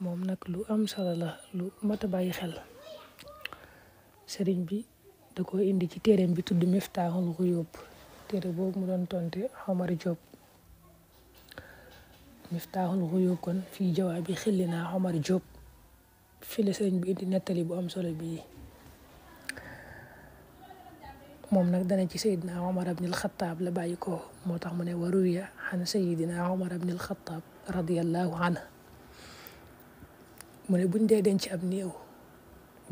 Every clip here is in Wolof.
mom nak lu am solo la lu mata a bàyyi xel serigne bi da ko indi ci terem bi tuddu miftahul ghuyub tere bobu mu don tonte Omar job miftahul ghuyub kon fi jawabi bi xilli job fi le serigne bi indi netali bu am solo bi mom nak dana ci sayyidina umar ibn al-khattab la bayiko motax moo tax mu ne waruya xan sayidina Omar ibnil Xataab radiyallahu anhu mu ne buñ dee denc ab néew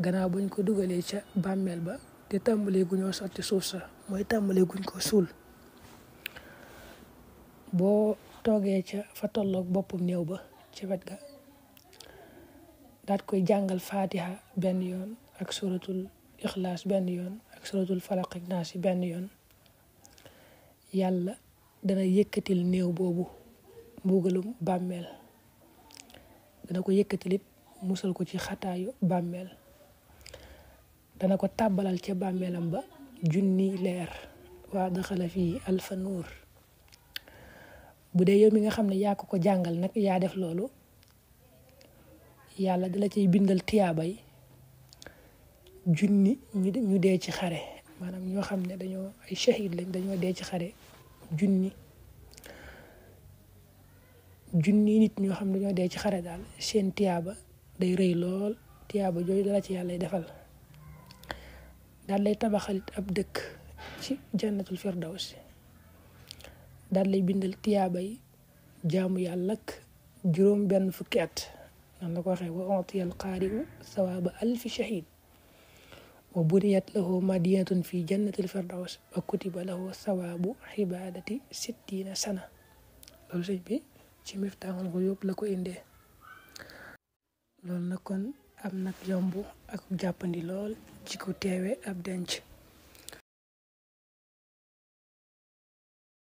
gannaaw buñ ko dugalee ca bàmmeel ba te tàmbalee gu ñoo sotti suuf sa mooy tàmbalee guñ ko suul boo toogee ca fa tolloog boppum néew ba ci wet ga daat koy jàngal faatiha benn yoon ak suratul ixlaas benn yoon ak suratul falaq ak naas benn yoon yàlla dana yëkkatil néew boobu mbugalum bàmmeel dana ko yëkkatil musal ko ci xataayu bàmmeel dana ko tàbbalal ca bàmmeelam ba junni leer waa daxala fii alfa bu dee yow mi nga xam ne yaa ko jàngal nag yaa def loolu yàlla dala ciy bindal tiyaabay junni ñu dee ci xare maanaam ñoo xam ne dañoo ay shahid lañ dañoo dee ci xare junni junni nit ñoo xam ne dañoo dee ci xare daal seen tiyaaba day rëy lool tiyaaba jooju dara ci yàlla defal daal lay tabaxalit ab dëkk ci jannatul firdaws daal lay bindal tiyaaba yi jaamu yàlla ak juróom benn fukki at nan la ko waxee wa ontiyal qaari'u sawaaba alfi shahid wa buniyat lahu madinatun fi jannatil firdaws wa kutiba lahu sawaabu xibaadati sittina sana loolu sëñ bi ci miftaaxul xuyub la ko indee loolu nag kon am nag yomb ak jàppandi lool ci ku teewee ab denc.